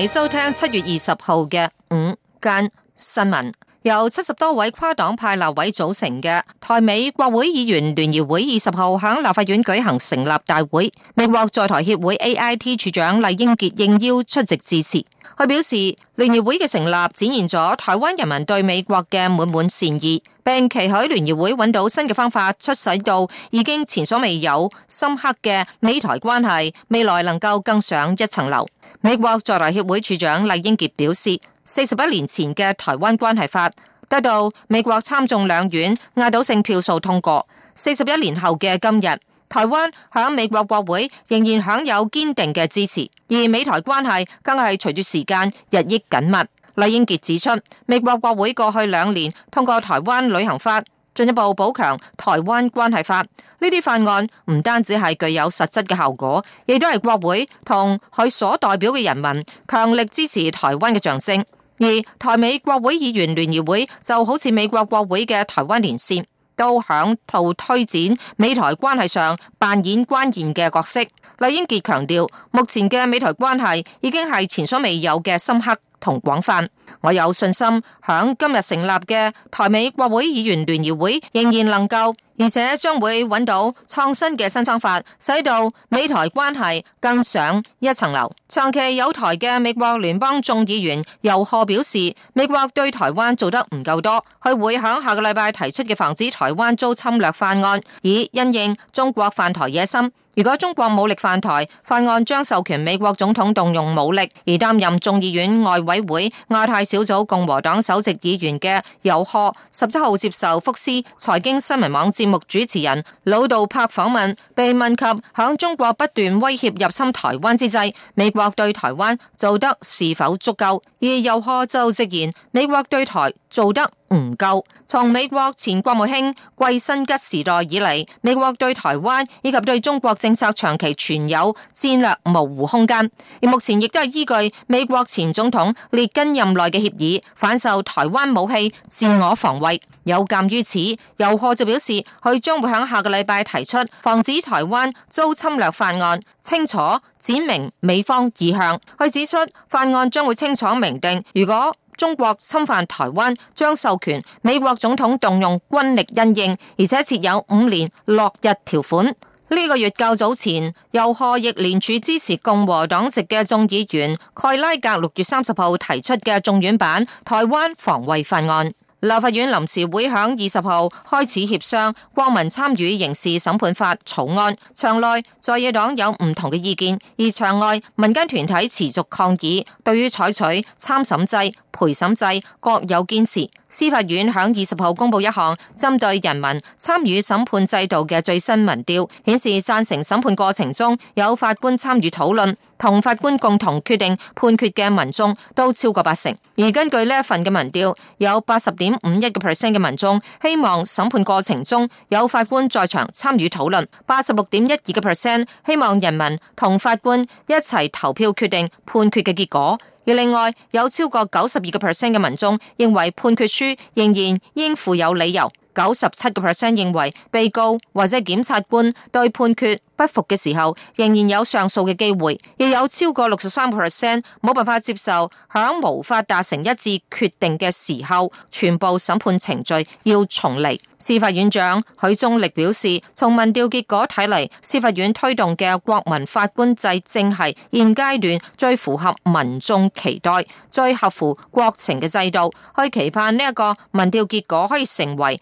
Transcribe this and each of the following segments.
你收聽七月二十號嘅午間新聞。由七十多位跨黨派立委組成嘅台美國會議員聯誼會二十號喺立法院舉行成立大會，美國在台協會 AIT 處長酈英傑應邀出席致辭。佢表示，聯誼會嘅成立展現咗台灣人民對美國嘅滿滿善意，並期許聯誼會揾到新嘅方法，促使到已經前所未有深刻嘅美台關係未來能夠更上一層樓。美國在台協會處長酈英傑表示。四十一年前嘅《台灣關係法》得到美國參眾兩院壓倒性票數通過。四十一年後嘅今日，台灣喺美國國會仍然享有堅定嘅支持，而美台關係更係隨住時間日益緊密。酈英傑指出，美國國會過去兩年通過《台灣旅行法》，進一步補強《台灣關係法》。呢啲法案唔單止係具有實質嘅效果，亦都係國會同佢所代表嘅人民強力支持台灣嘅象徵。而台美國會議員聯誼會就好似美國國會嘅台灣連線，都響度推展美台關係上扮演關鍵嘅角色。酈英傑強調，目前嘅美台關係已經係前所未有嘅深刻同廣泛，我有信心響今日成立嘅台美國會議員聯誼會仍然能夠。而且將會揾到創新嘅新方法，使到美台關係更上一層樓。長期有台嘅美國聯邦眾議員游賀表示，美國對台灣做得唔夠多，佢會響下個禮拜提出嘅防止台灣遭侵略法案，以因應中國犯台野心。如果中國武力犯台，法案將授權美國總統動用武力。而擔任眾議院外委會亞太小組共和黨首席議員嘅尤賀十七號接受福斯財經新聞網節目主持人老道柏訪問，被問及響中國不斷威脅入侵台灣之際，美國對台灣做得是否足夠？而尤賀就直言，美國對台做得唔夠。從美國前國務卿季辛吉時代以嚟，美國對台灣以及對中國。政策長期存有戰略模糊空間，而目前亦都係依據美國前總統列根任內嘅協議，販售台灣武器自我防衛。有鑑於此，尤霍就表示，佢將會喺下個禮拜提出防止台灣遭侵略法案，清楚指明美方意向。佢指出，法案將會清楚明定，如果中國侵犯台灣，將授權美國總統動用軍力因應，而且設有五年落日條款。呢個月較早前，由賀亦聯署支持共和黨籍嘅眾議員蓋拉格六月三十號提出嘅眾院版台灣防衛法案。立法院臨時會響二十號開始協商國民參與刑事審判法草案，場內在野黨有唔同嘅意見，而場外民間團體持續抗議。對於採取參審制、陪審制各有堅持。司法院響二十號公布一項針對人民參與審判制度嘅最新民調，顯示贊成審判過程中有法官參與討論。同法官共同決定判決嘅民眾都超過八成，而根據呢一份嘅民調，有八十點五一個 percent 嘅民眾希望審判過程中有法官在場參與討論，八十六點一二個 percent 希望人民同法官一齊投票決定判決嘅結果，而另外有超過九十二個 percent 嘅民眾認為判決書仍然應附有理由，九十七個 percent 認為被告或者檢察官對判決不服嘅時候，仍然有上訴嘅機會，亦有超過六十三%冇辦法接受，響無法達成一致決定嘅時候，全部審判程序要重嚟。司法院長許宗力表示，從民調結果睇嚟，司法院推動嘅國民法官制正係現階段最符合民眾期待、最合乎國情嘅制度，去期盼呢一個民調結果可以成為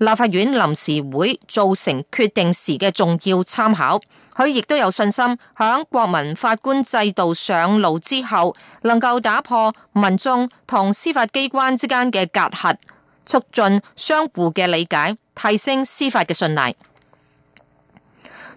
立法院臨時會做成決定時嘅重要參考，佢亦都有信心響國民法官制度上路之後，能夠打破民眾同司法機關之間嘅隔閡，促進相互嘅理解，提升司法嘅信賴。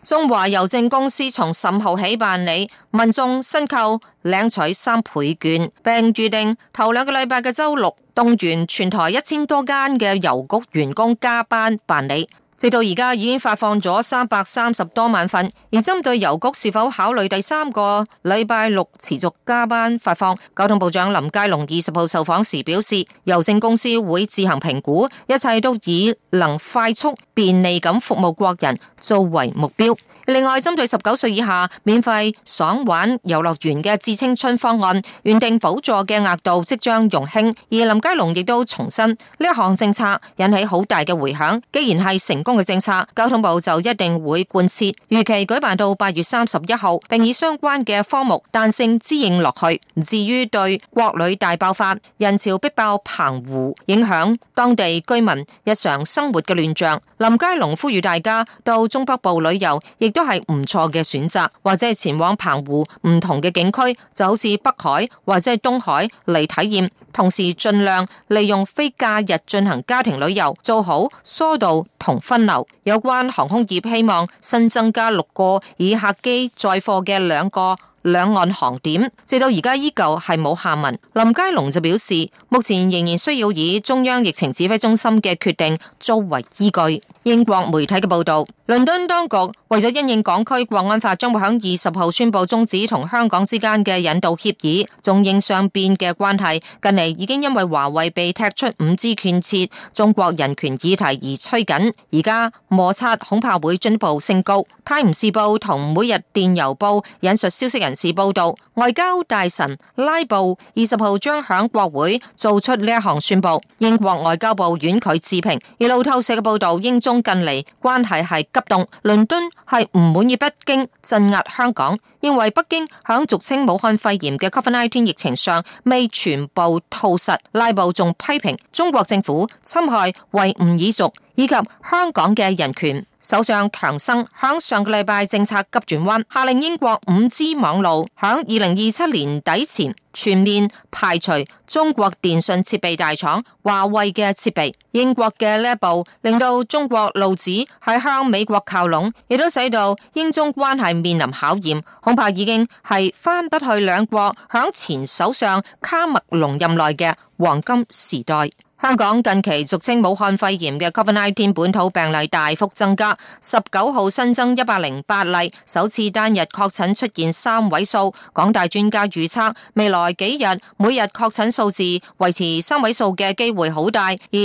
中華郵政公司從十五號起辦理民眾申購、領取三倍券，並預定頭兩個禮拜嘅周六動員全台一千多間嘅郵局員工加班辦理。直到而家已經發放咗三百三十多萬份，而針對郵局是否考慮第三個禮拜六持續加班發放，交通部長林佳龍二十號受訪時表示，郵政公司會自行評估，一切都以能快速、便利咁服務國人作為目標。另外，針對十九歲以下免費爽玩遊樂園嘅致青春方案，原定補助嘅額度即將容輕。而林佳龍亦都重申呢一項政策引起好大嘅迴響。既然係成功嘅政策，交通部就一定會貫徹，預期舉辦到八月三十一號，並以相關嘅科目彈性支應落去。至於對國旅大爆發、人潮逼爆澎湖，影響當地居民日常生活嘅亂象，林佳龍呼籲大家到中北部旅遊亦。都係唔錯嘅選擇，或者係前往澎湖唔同嘅景區，就好似北海或者係東海嚟體驗。同時盡量利用非假日進行家庭旅遊，做好疏導同分流。有關航空業希望新增加六個以客機載貨嘅兩個。兩岸航點直到而家依舊係冇下文。林佳龍就表示，目前仍然需要以中央疫情指揮中心嘅決定作為依據。英國媒體嘅報道，倫敦當局為咗因應港區國安法，將會喺二十號宣布中止同香港之間嘅引渡協議，中英雙邊嘅關係近嚟已經因為華為被踢出五 G 建設、中國人權議題而趨緊，而家摩擦恐怕會進一步升高。《泰晤士報》同《每日電郵報》引述消息人時報道，外交大臣拉布二十號將響國會做出呢一項宣布。英國外交部婉拒置評。而路透社嘅報道，英中近嚟關係係急凍，倫敦係唔滿意北京鎮壓香港，認為北京響俗稱武漢肺炎嘅 COVID-19 新冠肺炎疫情上未全部吐實。拉布仲批評中國政府侵害維吾爾族。以及香港嘅人權，首相強生響上個禮拜政策急轉彎，下令英國五 G 網路響二零二七年底前全面排除中國電信設備大廠華為嘅設備。英國嘅呢一步令到中國路子係向美國靠攏，亦都使到英中關係面臨考驗，恐怕已經係翻不去兩國響前首相卡麥隆任內嘅黃金時代。香港近期俗稱武漢肺炎嘅 COVID-19 本土病例大幅增加，十九號新增一百零八例，首次單日確診出現三位數。港大專家預測未來幾日每日確診數字維持三位數嘅機會好大。而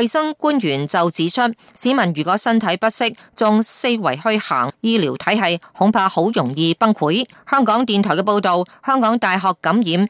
衛生官員就指出，市民如果身體不適，仲四圍虛行，醫療體係恐怕好容易崩潰。香港電台嘅報道，香港大學感染及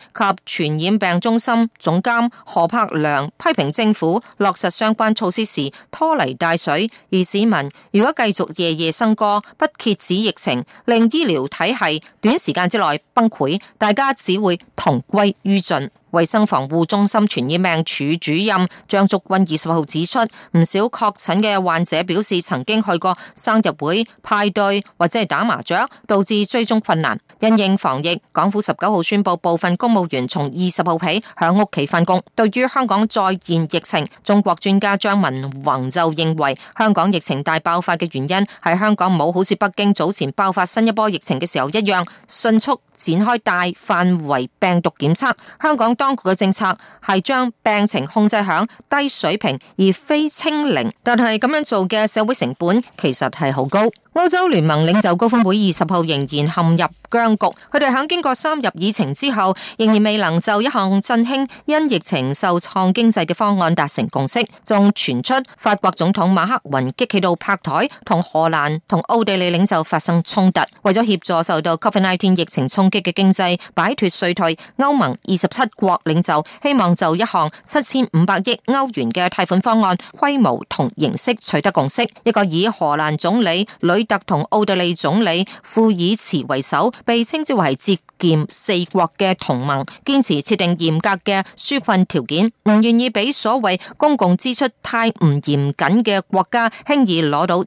傳染病中心總監何柏良批評。政府落實相關措施時拖泥帶水，而市民如果繼續夜夜笙歌，不遏止疫情，令醫療體系短時間之內崩潰，大家只會同歸於盡。衛生防護中心傳染病處主任張竹君二十號指出，唔少確診嘅患者表示曾經去過生日會、派對或者係打麻雀，導致追蹤困難。因應防疫，港府十九號宣布部分公務員從二十號起響屋企翻工。對於香港再現疫情，中國專家張文宏就認為，香港疫情大爆發嘅原因係香港冇好似北京早前爆發新一波疫情嘅時候一樣，迅速展開大範圍病毒檢測。香港當局嘅政策係將病情控制響低水平，而非清零。但係咁樣做嘅社會成本其實係好高。歐洲聯盟領袖高峰會二十號仍然陷入僵局，佢哋喺經過三日議程之後，仍然未能就一項振興因疫情受創經濟嘅方案達成共識。仲傳出法國總統馬克宏激氣到拍台，同荷蘭同奧地利領袖發生衝突。為咗協助受到 Covid-19 疫情衝擊嘅經濟擺脫衰退，歐盟二十七國領袖希望就一項七千五百億歐元嘅貸款方案規模同形式取得共識。一個以荷蘭總理特同奧地利總理庫爾茨為首，被稱之為“節儉四國”嘅同盟，堅持設定嚴格嘅紓困條件，唔願意俾所謂公共支出太唔嚴謹嘅國家輕易攞到。